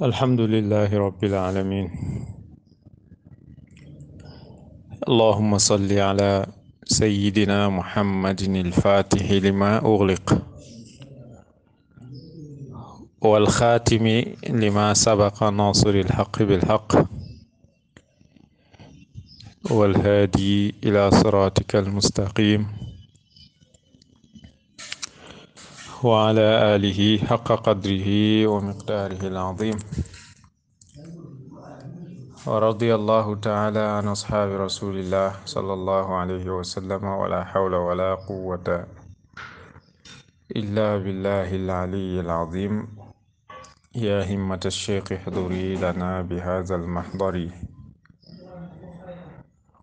alhamdulillahi rabbil alamin allahuma salli ala sayidina muhammadin alfaatixi lima uxliq walxaatimi lima sabaqa nasiri alxaq bilxaq walhaadi ila siratika almustaqim wa ala alihi xaqa qadrihi wa miqdaarihi al-aziim wa radiyallahu taala an asxaabi rasulillah sallallahu alayhi wa sallam wala xawla wala quwwata illa billahi al-aliyyi al-aziim ya himmata ash-shaykh ihduri lana bi haadha al-mahdari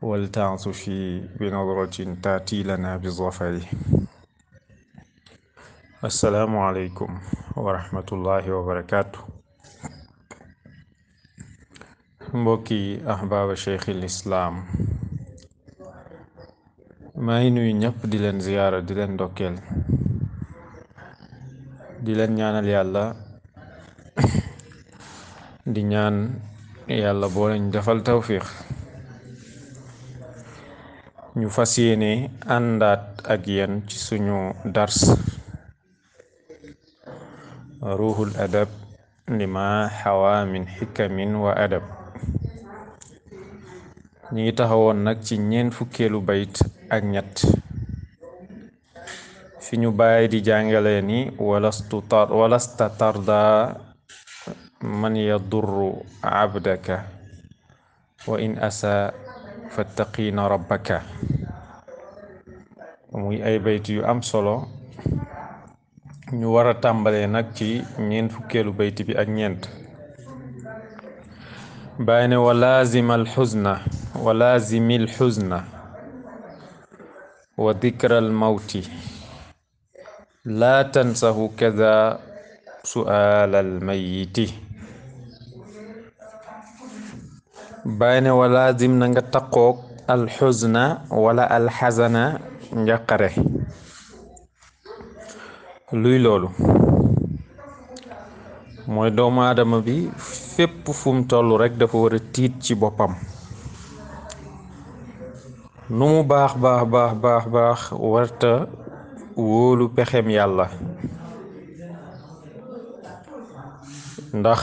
wal ta'sufi bi nadratin ta'ti lana bi zafari asalaamualeykum wa rahmatullahi wa barakaatu mbokki ahbaaba cheikhil islaam maa ngi nuyu ñëpp di leen ziyaara di leen ndokkeel di leen ñaanal yàlla di ñaan yàlla boo leen defal tawfiix ñu fas yéene àndaat ak yéen ci suñu dars ruuhul adab lima xawaa min xikamin wa adab ñi ngi taxawoon nag ci ñeent fukkeelu bayt ak ñett fi ñu bàyyi di jàngale ni walasta tarda man yadurru abdaka wa in asa fattaqiina rabbaka muy ay bayt yu am solo ñu war a tàmbalee nag ci ñeent fukkeelu bayti bi ak ñeent bàyyi ne wa laazima alxuzna wa laazimi alxuzna wa dikra almawti laa tansahu kada suaal almayiti bàyyi ne wa laazim na nga taqoog alxuzna wala alxazana njaqare luy loolu mooy doomu aadama bi fépp fu mu toll rekk dafa war a tiit ci boppam nu mu baax baax baax baax baax warta wóolu pexeem yàlla ndax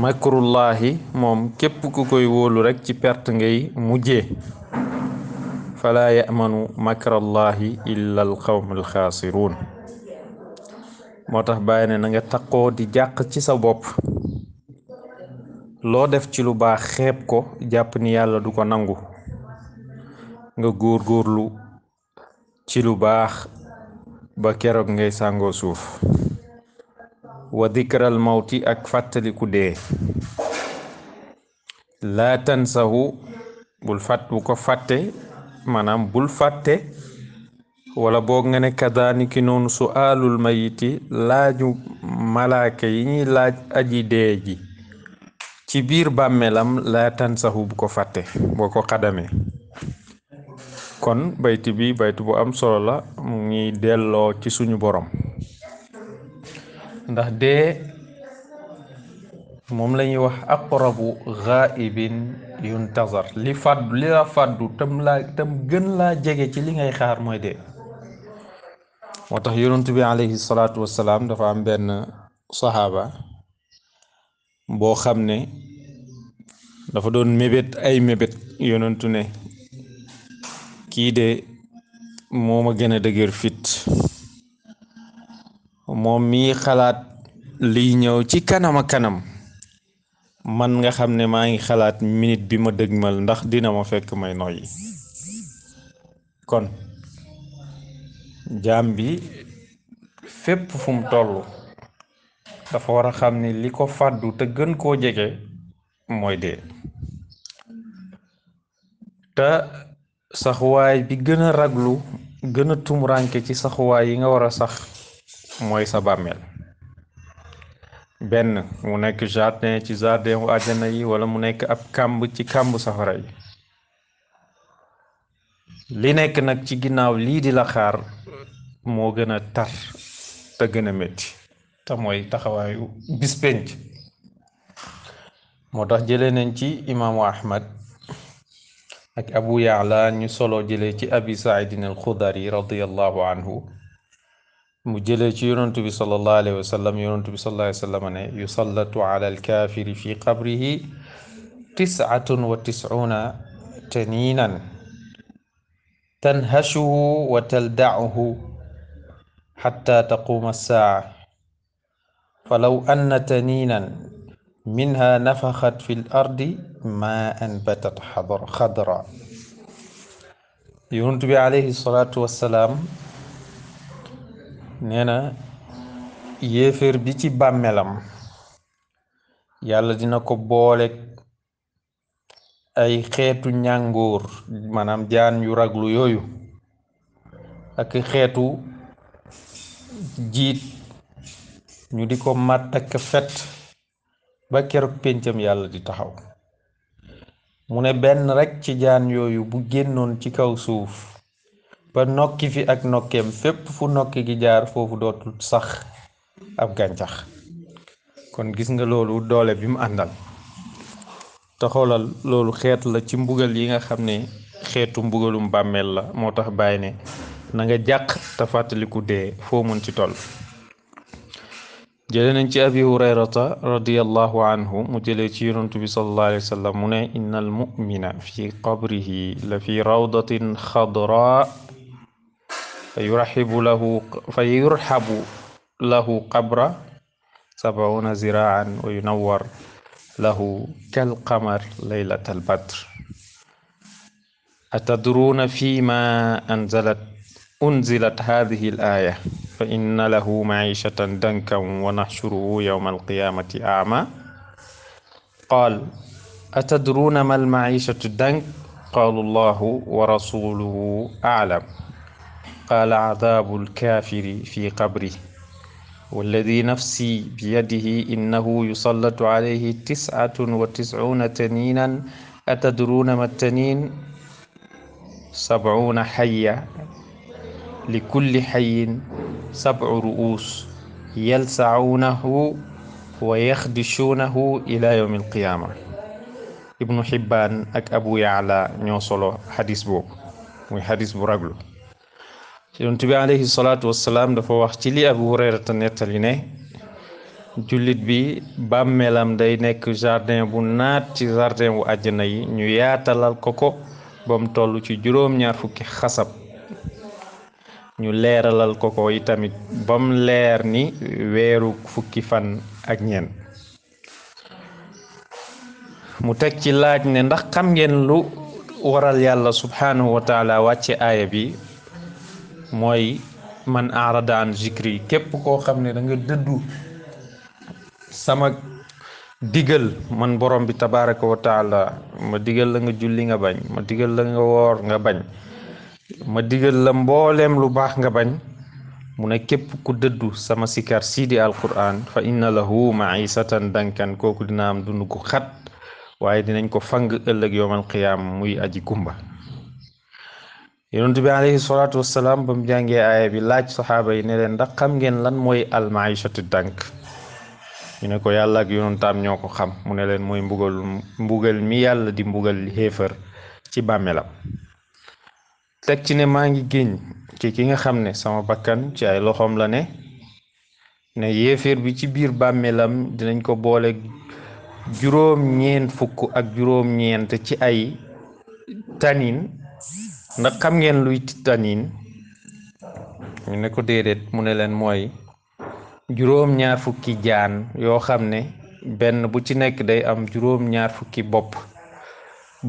makrullaahi moom képp ku koy wóolu rekk ci perte ngay mujjee falaa yamanu makrallahi illa al qawmu moo tax bàyyi ne nanga nga taqoo di jàq ci sa bopp loo def ci lu baax xeeb ko jàpp ni yàlla du ko nangu nga góorgóorlu ci lu baax ba keroog ngay sàngoo suuf wa dikral mawti ak fàttaliku dee laa tansahu bul fàtt bu ko fàtte maanaam bul fàtte wala boog nga ne kadaaniki noonu su alul mayiti laaju malaake yi ñuy laaj aji dee ji ci biir bàmmeelam laa tansaxu bu ko fàtte boo ko xadamee kon bayti bi bayti bu am solo la mu ngi delloo ci suñu borom ndax dee moom lañuy ñuy wax aqrabu ghaibin yuntazar li fàddu li la tam laa tam gën laa jege ci li ngay xaar mooy de moo tax yonent bi alayhi salaatu wasalaam dafa am benn saxaaba boo xam ne dafa doon mébét ay mébét yonentu ne kii de moo ma gën a dëgër fit moom mii xalaat liy ñëw ci kanam kanam man nga xam ne maa ngi xalaat minute bi ma dëgmal ndax dina ma fekk may noyyi kon jaam bi fépp fum mu dafa war a xam ne li ko fàddu te gën koo jege mooy dee te saxuwaay bi gën a raglu gën a tumuraanke ci saxuwaay yi nga war a sax mooy sa bàmmeel benn mu nekk jardin ci jardin wu yi wala mu nekk ab kàmb ci kàmb safara yi li nekk nag ci ginnaaw lii di la xaar moo gën a tar te gën a métti te taxawaayu bis moo tax jële nañ ci imaamu ahmad ak abu yaala ñu solo jëlee ci abi saidin al radiallahu anhu mu jëlee ci yonantu bi sallallahu alayhi wa sallam yonantu bi sallallahu alayhi wa sallam ne yusallatu ala alkaafiri fi qabrihi tisatun wa tisuna taniinan tanhashuhu wa taldacuhu xatta taquuma alsaaca falaw anna taniinan minha nafaxat fi l ardi ma anbatat xadra yonantu bi alayhi salaatu wassalaam nee na yéeféer bi ci bàmmeelam yàlla dina ko booleek ay xeetu ñàngoor maanaam jaan yu raglu yooyu ak xeetu jiit ñu di ko màtt ak fet ba keroog péncam yàlla di taxaw mu ne benn rekk ci jaan yooyu bu génnoon ci kaw suuf ba nokki fi ak nokkeem fépp fu nokki gi jaar foofu dootul sax ab gàncax kon gis nga loolu doole bi mu àndal te loolu xeet la ci mbugal yi nga xam ne xeetu mbugalum bàmmeel la moo tax bàyyi ne na jàq te fàttaliku dee foo mën ci toll jële nañ ci abi radiallahu mu jëlee ci yonantu bi salallahu alayhi mu ne inna al fi qabrihi la fi rawdatin xadra fa yuraxibu lahu fa yurxabu lahu qabra sabauna ziraan wa yunawar lahu kalqamar laylat albadr atadruuna fi ma anzalat unzilat hadihi al aya fa inna lahu maishatan dankan wa naxshuruhu yowma alqiyamati ama qaal atadruuna ma almaishatu dank qaalu allahu wa rasuluhu aclam qaala cadaabu lkaafiri fi qabri walladi nafsi biyadihi innahu yusallatu calayhi tiscatun wa tiscuuna taniinan atadruuna ma taniin sabcuuna xaya likulli xayin sabcu ru'uus yalsacuunahu wa yaxdishuunahu ila yowmi alqiyaama ibnu xibbaan ak abu yaala ñoo solo xadis boobu muy xadis bu raglu yonent bi alayhi salaatu wassalaam dafa wax ci li Abu Hurayrata nettali ne jullit bi bàmmeelam day nekk jardin bu naat ci jardin bu àjjana yi ñu yaatalal ko ko ba mu toll ci juróom-ñaar fukki xasab ñu leeralal ko ko yi tamit ba mu leer ni weeru fukki fan ak ñeent mu teg ci laaj ne ndax kam ngeen lu waral yàlla subhaanahu wa taala wàcce aaya bi mooy man daan zikri képp koo xam ne danga nga dëddu sama digal man borom bi tabaraka wa taala ma digal la nga julli nga bañ ma digal la nga woor nga bañ ma digal la mbooleem lu baax nga bañ mu ne képp ku dëddu sama sikar sii di alquran fa inna lahu maisatan dankan kooku dina am dund gu xat waaye dinañ ko fang ëllëg yowmal qiyaam muy aji gumba yonent bi alayhi salaatu wasalaam ba mu jàngee aaya bi laaj saxaaba yi ne leen ndax xam ngeen lan mooy almaishatu dànk ñu ne ko yàlla ak yonentam ñoo ko xam mu ne leen mooy mbugal mbugal mi yàlla di mbugal xéefar ci bàmmeelam teg ci ne maa ngi génn ci ki nga xam ne sama bakkan ci ay loxoom la ne ne yéeféer bi ci biir bàmmeelam dinañ ko boole juróom ñeent fukk ak juróom ñeent ci ay taniin ndax xam ngeen luy titanine ñu ne ko déedéet mu ne leen mooy juróom ñaar fukki jaan yoo xam ne benn bu ci nekk day am juróom ñaar fukki bopp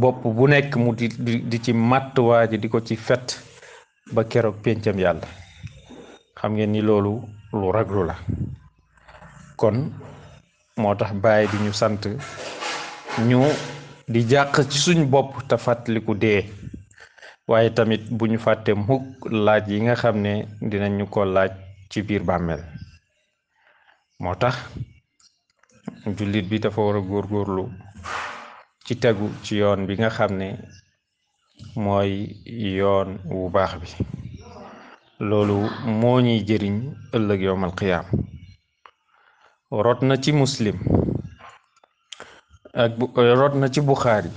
bopp bu nekk mu di di ci matt waa ji di ko ci fet ba keroog péncam yàlla xam ngeen ni loolu lu raglu la kon moo tax bàyyi di ñu sant ñu di jàq ci suñ bopp te fàttaliku dee waaye tamit bu ñu fàtte mukk laaj yi nga xam ne dinañu ko laaj ci biir bàmmeel moo tax jullit bi dafa war a góorlu ci tegu ci yoon bi nga xam ne mooy yoon wu baax bi loolu moo ñuy jëriñ ëllëg yowmal qiyaam rot na ci muslim ak na ci buxaari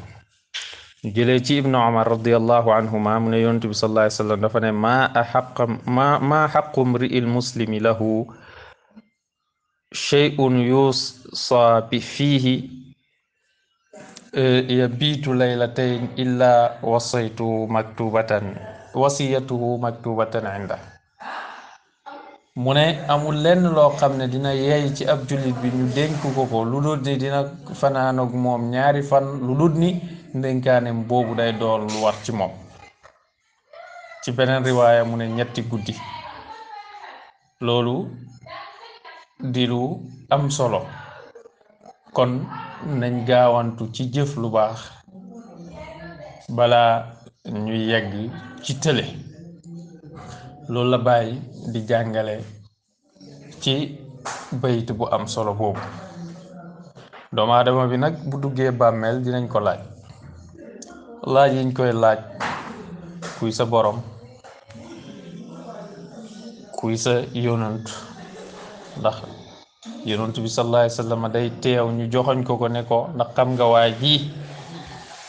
jëlee ci ibnu omar radiallahu anhuma mu ne yonent bi sallallahu alayhi wasallam dafa ne ma maa xaqu mri'il muslimi lahu shay'un yuusaa bi fiihi eh, yabiitu laylatayn illa wasaytuhu maktubatan wasiyatuhu maktubatan mu ne amul lenn loo xam ne dina yey ci ab jullit bi ñu dénk ko ko lu dul ni moom ñaari fan lu ndénkaaneem boobu day doon lu war ci moom ci beneen riwaaya mu ne ñetti guddi loolu di lu am solo kon nañ gaawantu ci jëf lu baax balaa ñu yegg ci tële loolu la bàyyi di jàngale ci bayit bu am solo boobu doomu aadama bi nag bu duggee bàmmeel dinañ ko laaj laaj yiñ koy laaj kuy sa boroom kuy sa yonant ndax yonant bi sallallahu sa wa day teew ñu joxoñ ko ko ne ko ndax xam nga waa ji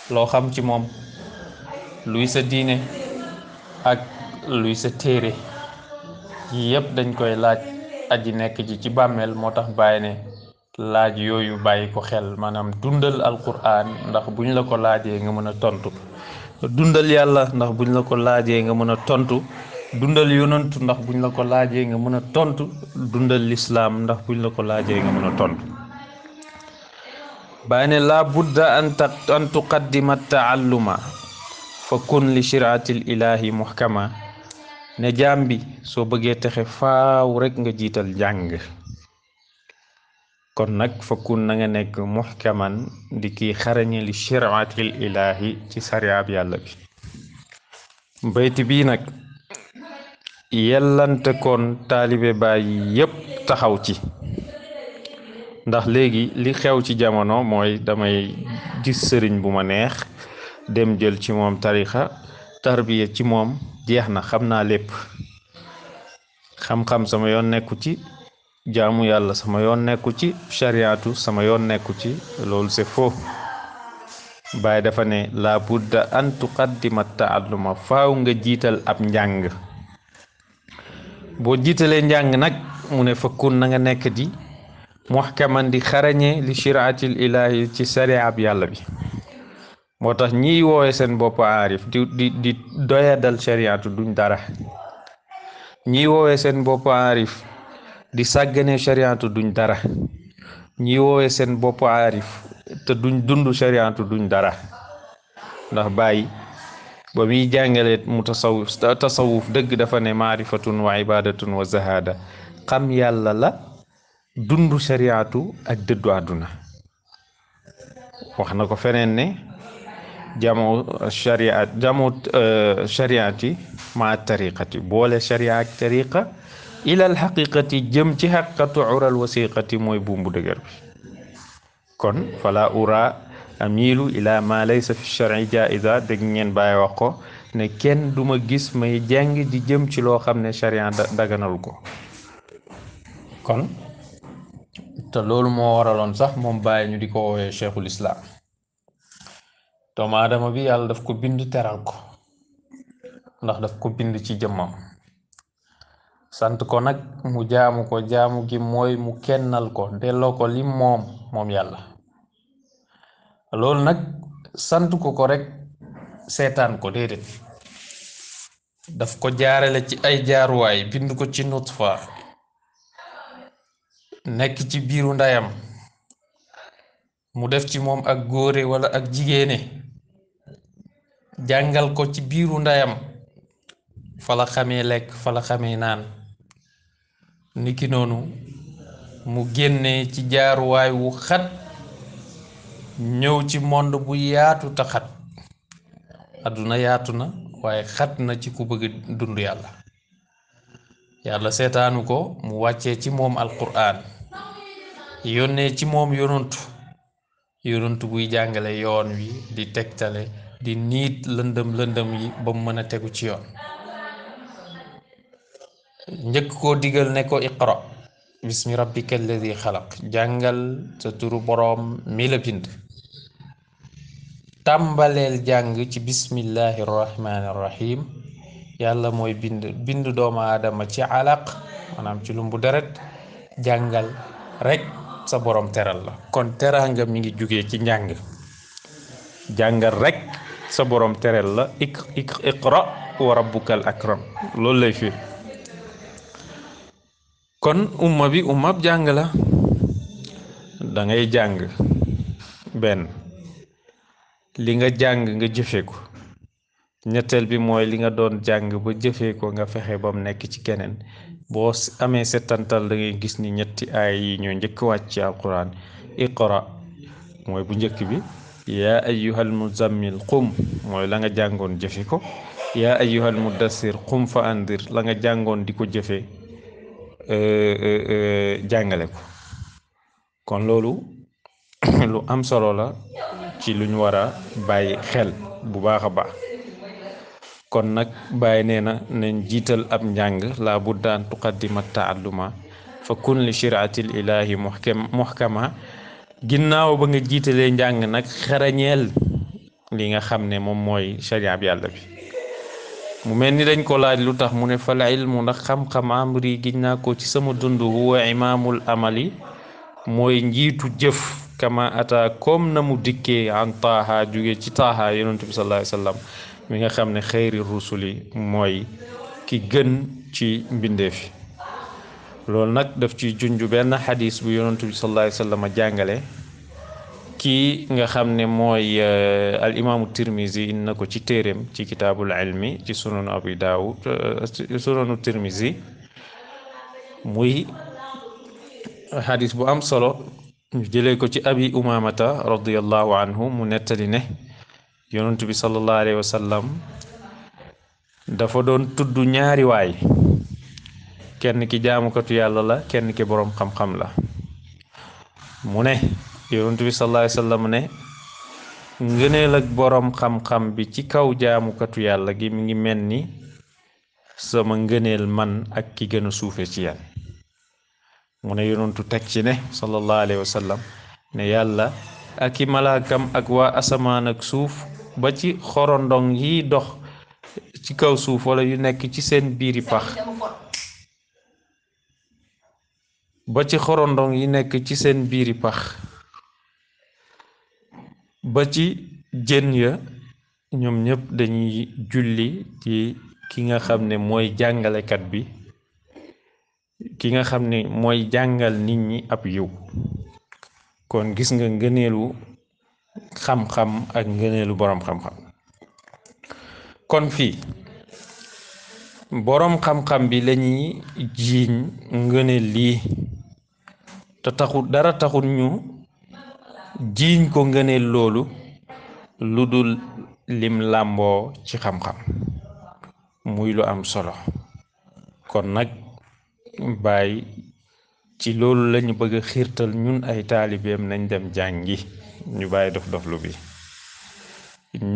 loo xam ci moom luy sa diine ak luy sa téere yi yëpp dañ koy laaj aji nekk ji ci bàmmeel moo tax baay ne laaj yooyu bàyyi ko xel maanaam dundal alquran ndax bu ñu la ko laajee nga mën a tontu dundal yàlla ndax buñ la ko laajee nga mën a tontu dundal yonantu ndax buñ la ko laajee nga mën a tontu dundal lislaam ndax buñ la ko laajee nga mën a tontu bàyyi ne laa budda an tuqaddima taalluma fa kun li shiraatil ilaahi muhkama ne jaam bi soo bëggee texe faaw rek nga jiital njàng kon nag fakkun na nga nekk muxkaman di kii xarañi li shariatil ilaahi ci sariyaab yàlla bi bayti bii nag yellante koon taalibe baay yépp taxaw ci ndax léegi li xew ci jamono mooy damay gis sëriñ bu ma neex dem jël ci moom tarixa tarbiya ci moom jeex na xam naa lépp xam-xam sama yoon nekku ci jaamu yàlla sama yoon nekku ci shariatu sama yoon nekku ci loolu c'est faux Baay dafa ne la budda an tuqaddima taalluma faw nga jiital ab njàng boo jiitalee njàng nag mu ne fakkun nanga nekk di muhkaman di xarañe li shiraatil ilaahi ci sariab yàlla bi moo tax ñiy woowe seen bopp aarif di di doyadal shariatu duñ dara ñiy woowe seen bopp aarif di sàggane chariatu duñ dara ñi woowee seen bopp aarif te duñ dund chariatu duñ dara ndax bàyyi ba muy jàngale tasawuf tasawuf dëgg dafa ne maarifatun wa ibadatun wa zahada xam yàlla la dund chariatu ak dëddu àdduna wax na ko feneen ne jamoo chariat jamoo chariat euh, ma tariqati boole charia tariqa ilal xaqiqati jëm ci xaqatu ural wasiqati mooy buum bu dëgër bi kon fala ura amilu ila ma laysa fi shar'i jaiza dégg ngeen bàyyi wax ko ne kenn duma gis may jàng di jëm ci loo xam ne sharia daganal ko kon te loolu moo waraloon sax moom bàyyi ñu di ko woowee cheikhul islam doomu aadama bi yàlla daf ko bind teral ko ndax daf ko bind ci jëmmam sant ko nag mu jaamu ko jaamu gi mooy mu kennal ko delloo ko lim moom moom yàlla loolu nag sant ko ko rek seetaan ko déedéet daf ko jaarale ci ay jaaruwaay bind ko ci nutfa nekk ci biiru ndeyam mu def ci moom ak góore walla ak jigéene jàngal ko ci biiru ndeyam fala xamee lekk fala xamee naan niki noonu mu génnee ci jaaruwaay wu xat ñëw ci monde bu yaatu te àdduna yaatu na waaye xat na ci ku bëgg dund yàlla yàlla seetaanu ko mu wàccee ci moom alquran yónnee ci moom yonantu yonantu buy jàngale yoon wi di tegtale di niit lëndëm lëndëm yi ba mu mën a tegu ci yoon njëkk koo digal ne ko iqra bismi rabbika alladi xalaq jàngal sa turu boroom mi la bind tàmbaleel jàng ci bismillahi rahmaani mooy bind bind doomu aadama ci alaq maanaam ci lumbu deret jàngal rekk sa boroom teral la kon teraanga mi ngi jóge ci njàng jàngal rekk sa boroom teral la iq iq iqra wa rabbukal akram loolu lay fi kon umma bi ummab jàng la dangay jàng benn li nga jàng nga jëfee ko ñetteel bi mooy li nga doon jàng ba jëfee ko nga fexe ba mu nekk ci keneen boo amee setantal dangay gis ni ñetti aay yi ñoo njëkk wàcc ci alquran mooy bu njëkk bi yaa ayyuhal muzammil qum mooy la nga jàngoon jëfe ko yaa ayyuhal muddassir qum fa andir la nga jàngoon di ko jëfee E, e, e, jàngale ko kon loolu lu am solo la ci lu ñu war a bàyyi xel bu baax a baax kon nag bàyyi nee na nañ jiital ab njàng laa budda an tuqaddima taalluma fa kun shiraatil ilahi muhkam muhkama ginnaaw ba nga jiitalee njàng nag xarañeel li nga xam ne moom mooy sharia bi yàlla bi mu mel ni dañ ko laaj lu tax mu ne fal ilmu ndax xam-xam amri giñ naa ko ci sama dund huwa imaamul amali mooy njiitu jëf kama kom na mu dikkee an taaha jóge ci taaxa yonent bi sallallahu alayhi mi nga xam ne xayri rusuli mooy ki gën ci mbindeef loolu nag def ci junj benn xadis bu yonent bi sallallahu alayhi jàngale kii nga xam ne mooy euh, al imaamu tirmisi in na ko ci téeréem ci kitaabul ilmi ci sunanu abi daawud euh, sunanu tirmisi muy xadis bu am solo jëlee ko ci abi umamata radiallahu anhu mu nettali ne yonent bi sallallahu dafa doon tudd ñaari waay kenn ki jaamukatu yàlla la kenn ki boroom xam-xam la mu ne yonent bi sallallahu alayhi wasallam ne ngëneel ak boroom xam-xam bi ci kaw jaamukatu yàlla gi mu ngi mel ni sama ngëneel man ak ki gën a suufe ci yéen mu ne yonentu teg ci ne sallallahu alayhi ne yàlla ak malaakam ak waa asamaan ak suuf ba ci xorondong yi dox ci kaw suuf wala yu nekk ci seen biiri pax ba ci xorondong yi nekk ci seen biiri pax ba ci jën ya ñoom ñëpp dañuy julli ci ki nga xam ne mooy jàngalekat bi ki nga xam ne mooy jàngal nit ñi ab yiw kon gis nga ngëneelu xam-xam ak ngëneelu boroom xam-xam kon fii boroom xam-xam bi lañuy jiiñ ngëneel lii te taxul dara taxul ñu jiiñ ko ngëneel loolu lu dul lim làmboo ci xam-xam muy lu am solo kon nag bàyyi ci loolu lañu bëgg a xiirtal ñun ay taalibeem nañ dem jàngi ñu bàyyi dof doflu bi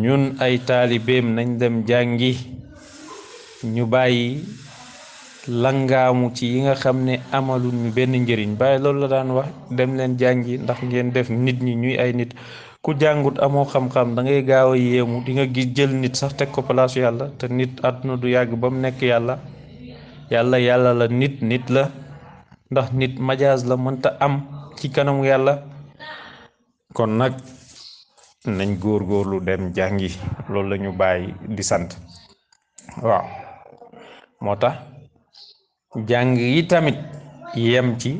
ñun ay taalibeem nañ dem jàngi ñu bàyyi langaamu ci yi nga xam ne amalul ñu benn njëriñ bàyyi loolu la daan wax dem leen jàngi ndax ngeen def nit ñi ñuy ay nit ku jàngut amoo xam-xam da gaaw a yéemu di nga gis jël nit sax teg ko place yàlla te nit àdduna du yàgg ba mu nekk yàlla yàlla yàlla la nit nit la ndax nit majaas la mënta am ci kanamu yàlla kon nag nañ góor góorlu dem jàngi loolu lañu bàyyi di sant waaw moo tax jàng yi tamit yem ci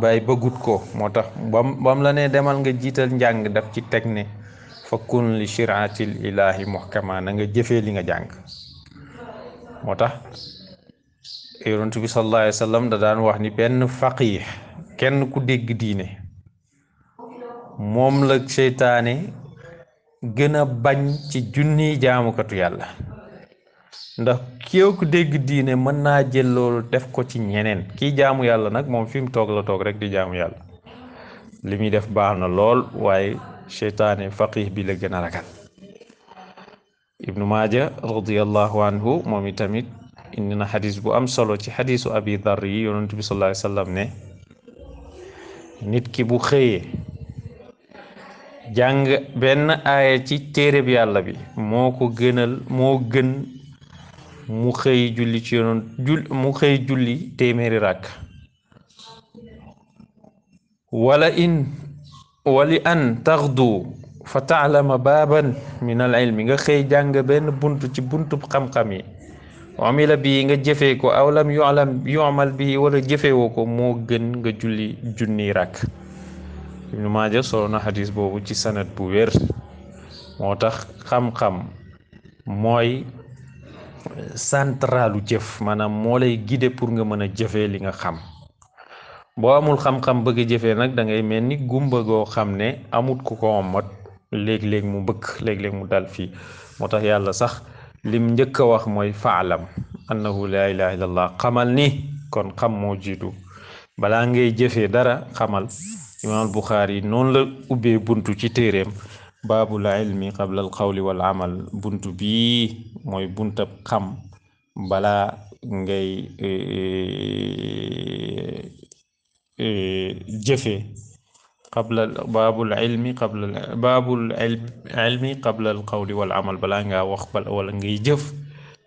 bay bëggut ko moo tax bam bam la ne demal nga jiital njàng daf ci teg ne fakkun li shiraatil ilahi muhkama na nga jëfee li nga jàng moo tax yonent bi sallallahu alayhi da daan wax ni benn faqih kenn ku dégg diine moom la seytaane gën a bañ ci junni jaamukatu yàlla ndax kéew ku dégg diine mën naa jël loolu def ko ci ñeneen ki jaamu yàlla nag moom fi toog la toog rek di jaamu yàlla li muy def baax na lool waaye seytaane faqih bi la gën a ragal ibnu maaja radiallahu anhu moom itamit indi na xadis bu am solo ci xadisu abi dar yi yonent bi sallallahu alayhi wasallam nit ki bu xëyee jàng benn aaya ci téereb yàlla bi moo ko gënal moo gën mu xëy julli ci yoon jul mu xëy julli téeméeri ràkk wala in wali an taxdu fa taalama baaban min al ilmi nga xëy jàng benn bunt ci buntu xam-xam yi amila bi nga jëfee bi wala jëfewoo ko moo gën nga julli junni ràkk Ibnu Maaja solo na boobu ci sanad bu wér moo tax xam-xam mooy centralu jëf maanaam moo lay guider pour nga mën a jëfee li nga xam boo amul xam-xam bëgg a jëfee nag dangay mel ni gumba goo xam ne amut ku ko mat léeg-léeg mu bëgg léeg-léeg mu dal fii moo tax yàlla sax lim njëkk a wax mooy faalam annahu laa ilaha illallah xamal ni kon xam moo jiitu balaa ngay jëfe dara xamal imaam al Buxaari noonu la ubbee buntu ci téeréem E, e, e, baabul ilmi qabla al qawli wal amal bunt bii mooy buntab xam bala ngay jëfe qabla baabul ilmi qabla baabul ilmi qabla al qawli wal amal balaa ngaa wax wala ngay jëf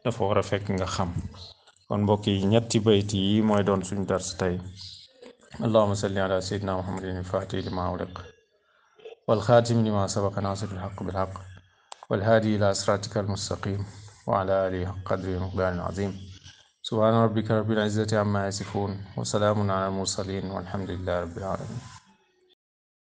dafa war a fekk nga xam kon mbokk yi ñetti bayt yi mooy doon suñu dars tey allahuma salli ala sayyidina muhammadin fatih lima uliq والخاتم لما سبق ناصر الحق بالحق والهادي إلى صراطك المستقيم وعلى آله قدر مقدار عظيم سبحان ربك رب العزة عما يصفون وسلام على المرسلين والحمد لله رب العالمين